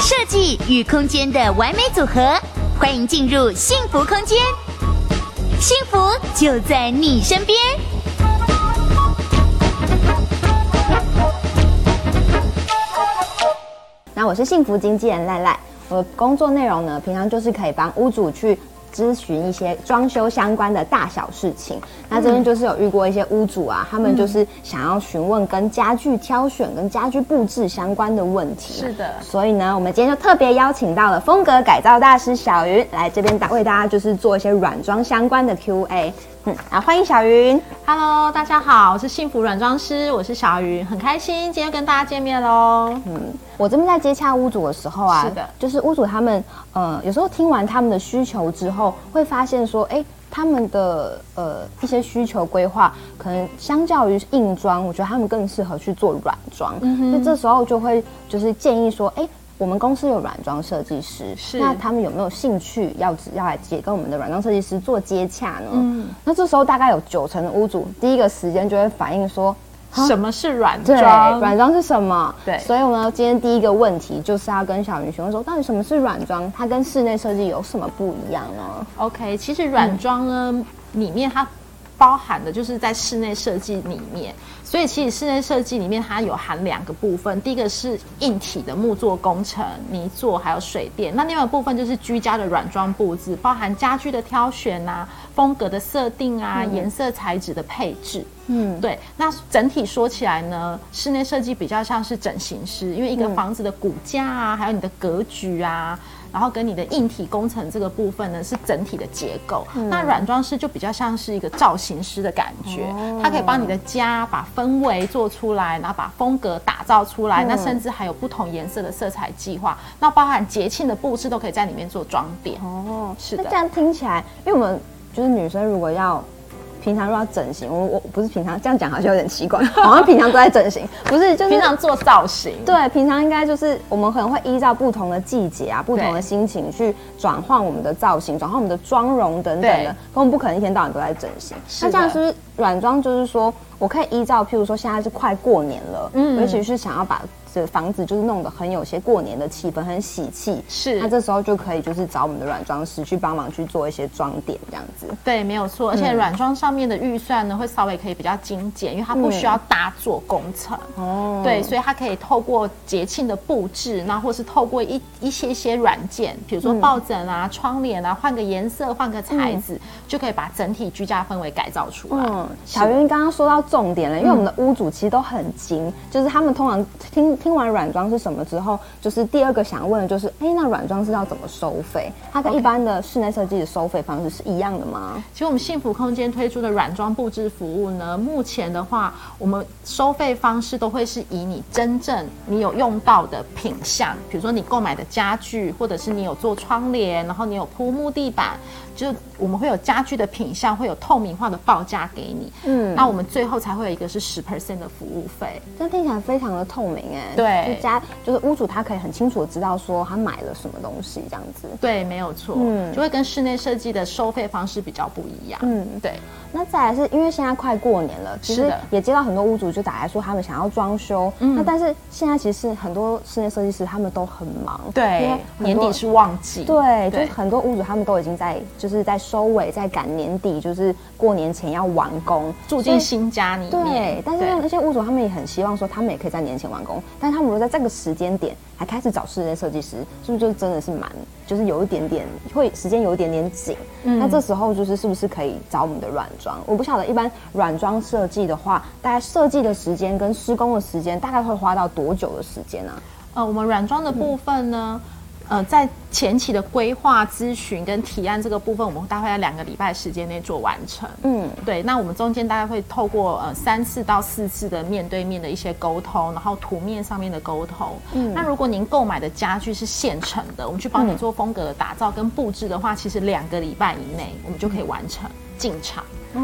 設計與空間的完美組合，歡迎進入幸福空間，幸福就在你身邊。那我是幸福經紀人賴賴，我工作內容呢，平常就是可以幫屋主去。諮詢一些裝修相關的大小事情，那這邊就是有遇過一些屋主啊，嗯、他們就是想要詢問跟家具挑選、跟家具布置相關的問題。是的，所以呢，我們今天就特別邀請到了風格改造大師小雲來這邊打，為大家就是做一些軟裝相關的 Q&A。嗯，好，歡迎小雲。Hello，大家好，我是幸福軟裝師，我是小雲，很開心今天跟大家見面嘍。嗯，我這邊在接洽屋主的時候啊，是的，就是屋主他們，呃有時候聽完他們的需求之後，會發現說，哎、欸，他們的呃一些需求規劃，可能相較於硬裝，我覺得他們更適合去做軟裝，那、嗯、哼，所以這時候就會就是建議說，哎、欸。我們公司有軟裝設計師，是那他們有沒有興趣要要來接跟我們的軟裝設計師做接洽呢？嗯，那這時候大概有九成的屋主第一個時間就會反應說，什麼是軟裝？對，軟裝是什麼？對，所以我們今天第一個問題就是要跟小魚詢問說，到底什麼是軟裝？它跟室內設計有什麼不一樣呢、啊、？OK，其實軟裝呢、嗯、裡面它包含的就是在室內設計裡面。所以其實室內設計裡面它有含兩個部分，第一個是硬體的木作工程、泥作還有水電，那另外一部分就是居家的軟裝布置，包含家具的挑選啊、風格的設定啊、嗯、顏色材質的配置。嗯，對。那整體說起來呢，室內設計比較像是整形師，因為一個房子的骨架啊，還有你的格局啊，然後跟你的硬體工程這個部分呢是整體的結構。嗯、那軟裝師就比較像是一個造型師的感覺，哦、它可以幫你的家把分。氛圍做出來，然後把風格打造出來，那甚至還有不同顏色的色彩計劃，那包含節慶的佈置都可以在裡面做裝點哦。是的，那這樣聽起來，因為我們就是女生，如果要。平常如果要整形，我我不是平常這樣講好像有點奇怪，好像平常都在整形， 不是就是平常做造型。對，平常應該就是我們可能會依照不同的季節啊、不同的心情去轉換我們的造型，轉換我們的妝容等等的。可我們不可能一天到晚都在整形。那的這樣是不是軟裝？就是說，我可以依照，譬如說現在是快過年了，嗯、尤其是想要把。這房子就是弄得很有些過年的氣氛，很喜氣。是，那這時候就可以就是找我們的軟裝師去幫忙去做一些裝點，這樣子。對，沒有錯。嗯、而且軟裝上面的預算呢，會稍微可以比較精簡，因為它不需要搭做工程。哦、嗯。對，所以它可以透過節慶的布置，那或是透過一一些一些軟件，比如說抱枕啊、嗯、窗簾啊，換個顏色、換個材質，嗯、就可以把整體居家氛圍改造出來。嗯，是小雲剛剛說到重點了，因為我們的屋主其實都很精，嗯、就是他們通常聽。聽完軟裝是什麼之後，就是第二個想問的就是，誒，那軟裝是要怎麼收費？它跟一般的室內設計的收費方式是一樣的嗎？Okay. 其實我們幸福空間推出的軟裝布置服務呢，目前的話，我們收費方式都會是以你真正你有用到的品項，比如說你購買的家具，或者是你有做窗簾，然後你有鋪木地板，就。我們會有家具的品項，會有透明化的報價給你。嗯，那、啊、我們最後才會有一個是10%的服務費。這聽起來非常的透明耶。對，就家就是屋主他可以很清楚的知道說他買了什麼東西這樣子。對，沒有錯。嗯，就會跟室內設計的收費方式比較不一樣。嗯，對。那再來是因為現在快過年了，其實也接到很多屋主就打來說他們想要裝修。嗯，那但是現在其實很多室內設計師他們都很忙。對，因為年底是旺季。對，就是很多屋主他們都已經在就是在。收尾在趕年底，就是過年前要完工，住進新家裡面。對，對，但是那些屋主他們也很希望說，他們也可以在年前完工。對但是他們如果在這個時間點還開始找室內設計師，是不是就真的是蠻，就是有一點點會時間有一點點緊？嗯、那這時候就是是不是可以找我們的軟裝？我不曉得一般軟裝設計的話，大概設計的時間跟施工的時間大概會花到多久的時間呢、啊？呃，我們軟裝的部分呢？嗯呃，在前期的規劃諮詢跟提案這個部分，我們大概在兩個禮拜時間內做完成。嗯，對。那我們中間大概會透過呃三次到四次的面對面的一些溝通，然後圖面上面的溝通。嗯，那如果您購買的家具是現成的，我們去幫你做風格的打造跟布置的話，嗯、其實兩個禮拜以內我們就可以完成進、嗯、場。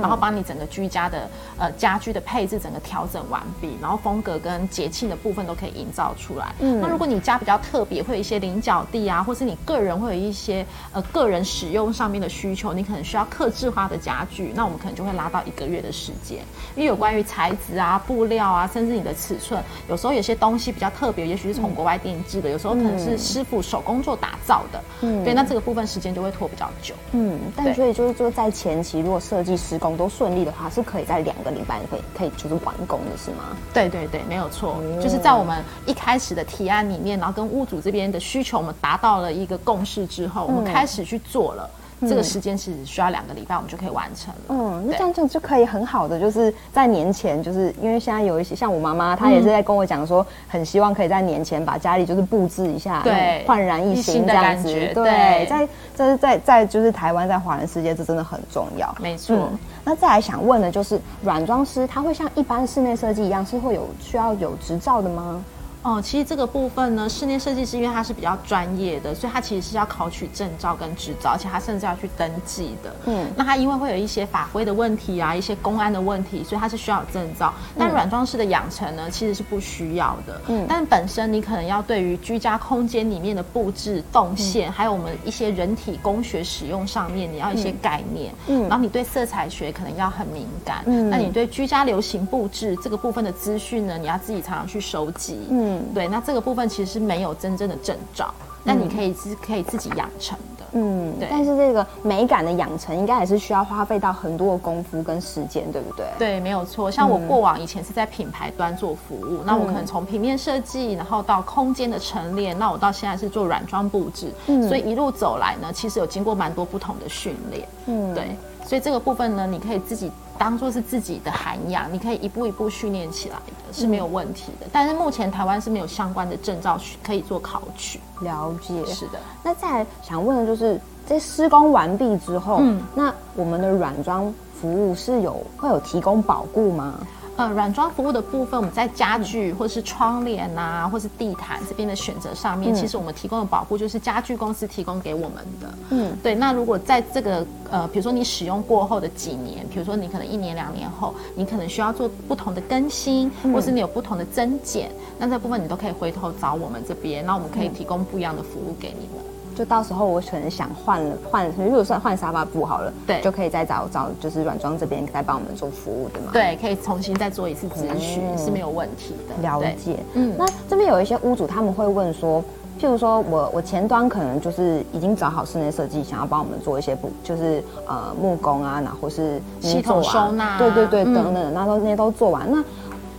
然後把你整個居家的呃家具的配置整個調整完畢，然後風格跟節慶的部分都可以營造出來。嗯，那如果你家比較特別，會有一些菱角地啊，或是你個人會有一些呃個人使用上面的需求，你可能需要客製化的家具，那我們可能就會拉到一個月的時間。因為有關於材質啊、布料啊，甚至你的尺寸，有時候有些東西比較特別，也許是從國外訂製的，嗯、有時候可能是師傅手工做打造的。嗯，對，那這個部分時間就會拖比較久。嗯，對但所以就是說在前期如果設計師。施工都順利的話，是可以在兩個禮拜可以可以就是完工的，是嗎？對對對，沒有錯，嗯、就是在我們一開始的提案裡面，然後跟屋主這邊的需求，我們達到了一個共識之後，我們開始去做了。嗯這個時間是需要兩個禮拜，我們就可以完成了。嗯，那對這樣就就可以很好的就是在年前，就是因為現在有一些像我媽媽，她也是在跟我講說，嗯、很希望可以在年前把家裡就是佈置一下，嗯、對，煥然一,一新的感覺。對，對在，就是在在就是台灣在華人世界，這真的很重要。沒錯、嗯。那再來想問的就是，軟裝師他會像一般室內設計一樣，是會有需要有執照的嗎？哦，其實這個部分呢，室內設計師因為他是比較專業的，所以他其實是要考取證照跟執照，而且他甚至要去登記的。嗯，那他因為會有一些法規的問題啊，一些公安的問題，所以他是需要有證照。嗯、但軟裝師的養成呢，其實是不需要的。嗯，但本身你可能要對於居家空間裡面的佈置動線，嗯、還有我們一些人體工學使用上面，你要一些概念。嗯，然後你對色彩學可能要很敏感。嗯，那你對居家流行佈置這個部分的資訊呢，你要自己常常去收集。嗯。嗯，對，那這個部分其實是沒有真正的證照，但你可以是可以自己養成的，嗯，對。但是這個美感的養成，應該還是需要花費到很多的功夫跟時間，對不對？對，沒有錯。像我過往以前是在品牌端做服務，嗯、那我可能從平面設計，然後到空間的陳列，那我到現在是做軟裝佈置，嗯、所以一路走來呢，其實有經過蠻多不同的訓練，嗯，對。所以這個部分呢，你可以自己。當做是自己的涵養，你可以一步一步訓練起來的，是沒有問題的。但是目前台灣是沒有相關的證照可以做考取。了解，是的。那再來想問的就是，在施工完畢之後，嗯，那我們的軟裝服務是有會有提供保固嗎？呃，軟裝服務的部分，我們在家具或者是窗簾啊，或者是地毯這邊的選擇上面，嗯、其實我們提供的保護就是家具公司提供給我們的。嗯，對。那如果在這個呃，比如說你使用過後的幾年，比如說你可能一年兩年後，你可能需要做不同的更新，嗯、或是你有不同的增減，那這部分你都可以回頭找我們這邊，那我們可以提供不一樣的服務給你們。嗯就到時候我可能想換了換，如果算換沙發布好了，對，就可以再找找就是軟裝這邊再幫我們做服務的嘛。對嗎？對，可以重新再做一次諮詢、嗯、是沒有問題的。嗯、了解，嗯，那這邊有一些屋主他們會問說，譬如說我我前端可能就是已經找好室內設計，想要幫我們做一些布就是呃木工啊，然後是、啊、系統收納、啊，對對對，等等的，嗯、那都那些都做完那。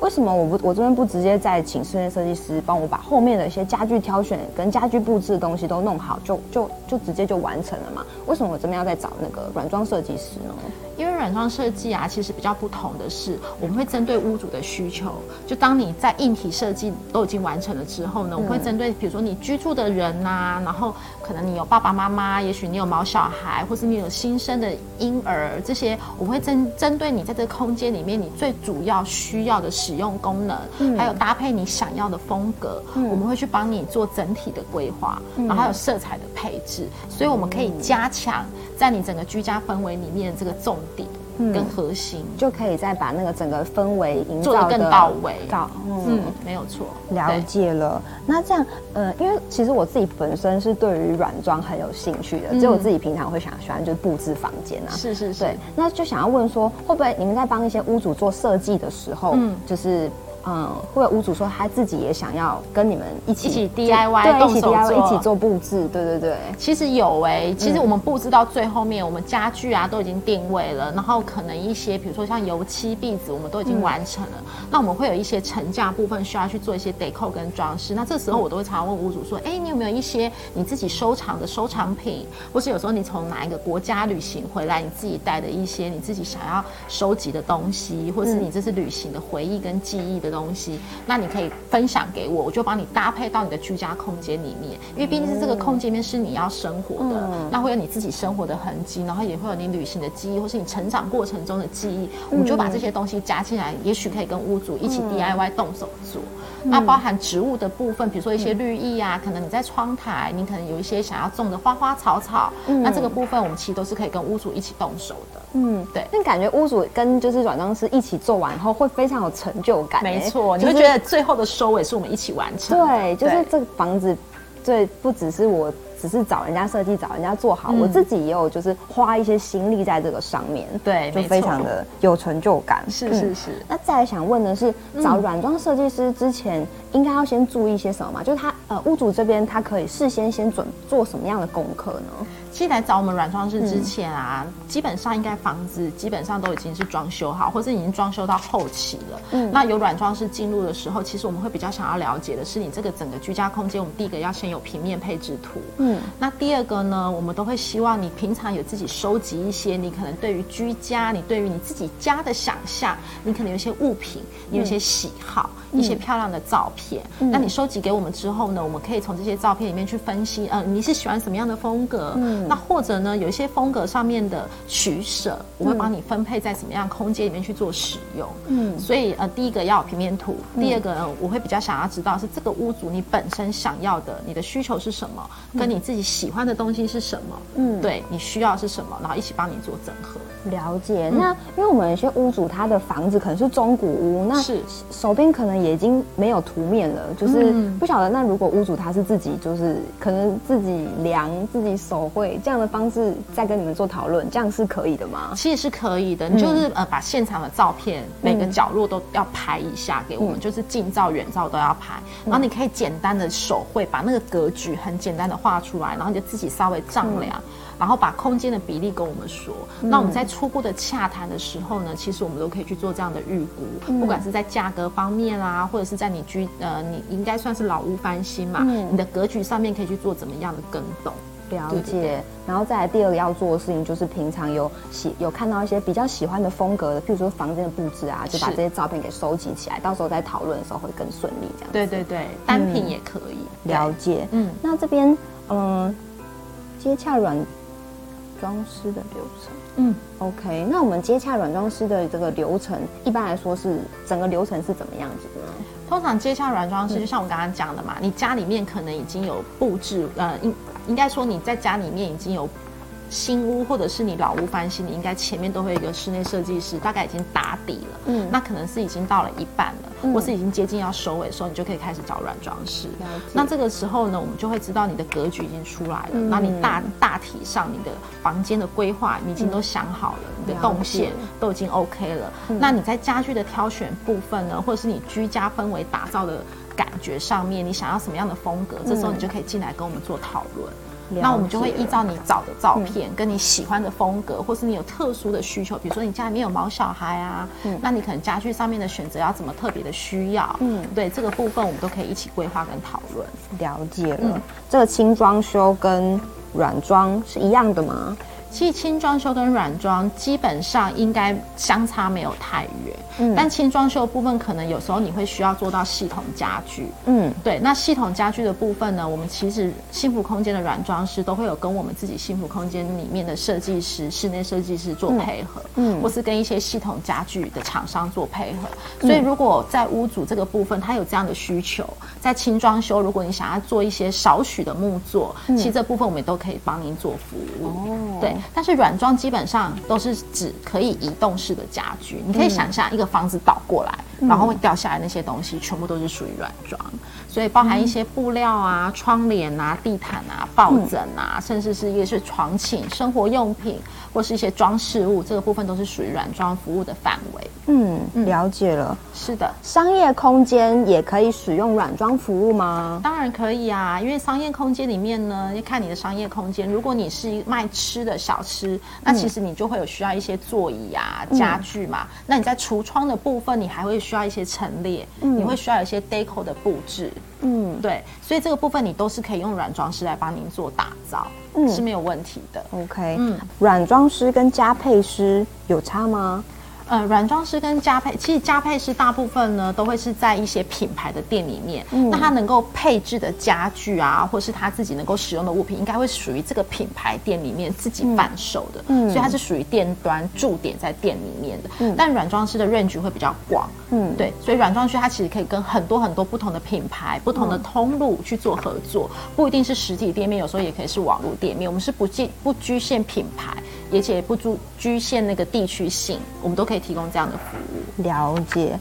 為什麼我不，我這邊不直接再請室內設計師幫我把後面的一些家具挑選跟家具布置的東西都弄好，就就就直接就完成了嘛？為什麼我這邊要再找那個軟裝設計師呢？因為軟裝設計啊，其實比較不同的是，我們會針對屋主的需求。就當你在硬體設計都已經完成了之後呢，我們會針對比如說你居住的人吶、啊，嗯、然後可能你有爸爸媽媽，也許你有毛小孩，或是你有新生的嬰兒，這些我們會針針對你在這個空間裡面，你最主要需要的使用功能，嗯、還有搭配你想要的風格，嗯、我們會去幫你做整體的規劃，嗯、然後還有色彩的配置。所以我們可以加強在你整個居家氛圍裡面的這個重底跟核心，嗯、就可以再把那個整個氛圍營造做得更到位，嗯，嗯，沒有錯，了解了。對那這樣，呃，因為其實我自己本身是對於軟裝很有興趣的，嗯、只有我自己平常會想喜歡就是佈置房間啊，是是是，那就想要問說，會不會你們在幫一些屋主做設計的時候，嗯，就是。嗯，會有屋主說他自己也想要跟你們一起，起 DIY，一, DI 一起做佈置，對對對。其實有哎、欸、嗯、其實我們佈置到最後面，我們家具啊都已經定位了，然後可能一些比如說像油漆、壁紙，我們都已經完成了。嗯、那我們會有一些成架部分需要去做一些 d e c o 跟裝飾。那這時候我都會常常問屋主說，哎，你有沒有一些你自己收藏的收藏品，或是有時候你從哪一個國家旅行回來，你自己帶的一些你自己想要收集的東西，或是你這次旅行的回憶跟記憶的。嗯嗯東西，那你可以分享給我，我就幫你搭配到你的居家空間裡面。因為畢竟是這個空間裡面是你要生活的，嗯、那會有你自己生活的痕跡，嗯、然後也會有你旅行的記憶，或是你成長過程中的記憶。嗯、我們就把這些東西加進來，也許可以跟屋主一起 DIY 動手做。嗯、那包含植物的部分，比如說一些綠意啊，嗯、可能你在窗台，你可能有一些想要種的花花草草。嗯、那這個部分我們其實都是可以跟屋主一起動手的。嗯，對。那感覺屋主跟就是軟裝師一起做完後，會非常有成就感、欸。沒沒錯，就是、你會覺得最後的收尾是我們一起完成的。對，就是這個房子，對，不只是我，只是找人家設計，找人家做好，嗯、我自己也有就是花一些心力在這個上面。對，就非常的有成就感。沒錯。嗯、是是是。那再來想問的是，找軟裝設計師之前。嗯應該要先注意些什麼嘛？就是他呃，屋主這邊他可以事先先準做什麼樣的功課呢？其實來找我們軟裝師之前啊，嗯、基本上應該房子基本上都已經是裝修好，或是已經裝修到後期了。嗯，那有軟裝師進入的時候，其實我們會比較想要了解的是，你這個整個居家空間，我們第一個要先有平面配置圖。嗯，那第二個呢，我們都會希望你平常有自己收集一些，你可能對於居家，你對於你自己家的想象，你可能有一些物品，你有些喜好。嗯一些漂亮的照片，嗯、那你收集給我們之後呢，我們可以從這些照片裡面去分析，呃，你是喜歡什麼樣的風格？嗯，那或者呢，有一些風格上面的取捨，我會幫你分配在什麼樣空間裡面去做使用。嗯，所以呃，第一個要有平面圖，嗯、第二個呢，我會比較想要知道是這個屋主你本身想要的，你的需求是什麼，跟你自己喜歡的東西是什麼？嗯，對你需要的是什麼，然後一起幫你做整合。了解。那因為我們有些屋主他的房子可能是中古屋，那是手邊可能也。已經沒有圖面了，就是不曉得。那如果屋主他是自己，就是、嗯、可能自己量、自己手繪這樣的方式，再跟你們做討論，這樣是可以的嗎？其實是可以的，你就是、嗯、呃把現場的照片每個角落都要拍一下給我們，嗯、就是近照、遠照都要拍。嗯、然後你可以簡單的手繪，把那個格局很簡單的畫出來，然後你就自己稍微丈量。嗯然後把空間的比例跟我們說，嗯、那我們在初步的洽談的時候呢，其實我們都可以去做這樣的預估，嗯、不管是在價格方面啊，或者是在你居呃，你應該算是老屋翻新嘛，嗯、你的格局上面可以去做怎麼樣的更動？了解。對對對，然後再來第二個要做的事情，就是平常有喜有看到一些比較喜歡的風格的，譬如說房間的布置啊，就把這些照片給收集起來，是到時候在討論的時候會更順利。這樣。對對對，單品也可以。嗯、對了解。嗯，那這邊嗯，接洽軟。裝師的流程，嗯，OK，那我們接洽軟裝師的這個流程，一般來說是整個流程是怎麼樣子呢？通常接洽軟裝師，就像我剛剛講的嘛，嗯、你家裡面可能已經有佈置，呃，應應該說你在家裡面已經有。新屋，或者是你老屋翻新，你應該前面都會有一個室內設計師，大概已經打底了。嗯，那可能是已經到了一半了，嗯、或是已經接近要收尾的時候，你就可以開始找軟裝師。嗯、那這個時候呢，我們就會知道你的格局已經出來了，那、嗯、你大大體上你的房間的規劃你已經都想好了，嗯、你的動線都已經 OK 了。了解。那你在家具的挑選部分呢，或者是你居家氛圍打造的感覺上面，你想要什麼樣的風格，嗯、這時候你就可以進來跟我們做討論。了解了，那我們就會依照你找的照片，嗯、跟你喜歡的風格，或是你有特殊的需求，比如說你家裡面有毛小孩啊，嗯、那你可能家具上面的選擇要怎麼特別的需要？嗯，對，這個部分我們都可以一起規劃跟討論。了解了，嗯、這個輕裝修跟軟裝是一樣的嗎？其實輕裝修跟軟裝基本上應該相差沒有太遠，嗯，但輕裝修的部分可能有時候你會需要做到系統家具，嗯，對。那系統家具的部分呢，我們其實幸福空間的軟裝師都會有跟我們自己幸福空間裡面的設計師、室內設計師做配合，嗯，嗯，或是跟一些系統家具的廠商做配合。所以如果在屋主這個部分他有這樣的需求，在輕裝修如果你想要做一些少許的木作，嗯，其實這部分我們都可以幫您做服務，哦，對。但是軟裝基本上都是指可以移動式的家具，你可以想象一個房子倒過來，然後會掉下來那些東西，全部都是屬於軟裝。所以包含一些布料啊、嗯、窗簾啊、地毯啊、抱枕啊，嗯、甚至是一些床寢生活用品，或是一些裝飾物，這個部分都是屬於軟裝服務的範圍。嗯，了解了。是的，商業空間也可以使用軟裝服務嗎？當然可以啊，因為商業空間裡面呢，要看你的商業空間。如果你是賣吃的小吃，那其實你就會有需要一些座椅啊、嗯、家具嘛。那你在櫥窗的部分，你還會需要一些陳列，嗯、你會需要一些 deco 的佈置。嗯，對，所以這個部分你都是可以用軟裝師來幫您做打造，嗯、是沒有問題的。OK，嗯，軟裝師跟加配師有差嗎？呃，軟裝師跟加配，其實加配師大部分呢都會是在一些品牌的店裡面，嗯、那它能夠配置的家具啊，或者是它自己能夠使用的物品，應該會屬於這個品牌店裡面自己販售的，嗯嗯、所以它是屬於店端駐點在店裡面的。嗯、但軟裝師的範圍會比較廣，嗯，對，所以軟裝師它其實可以跟很多很多不同的品牌、不同的通路去做合作，嗯、不一定是實體店面，有時候也可以是網絡店面，我們是不計不局限品牌。而且也不拘局限那個地區性，我們都可以提供這樣的服務。了解。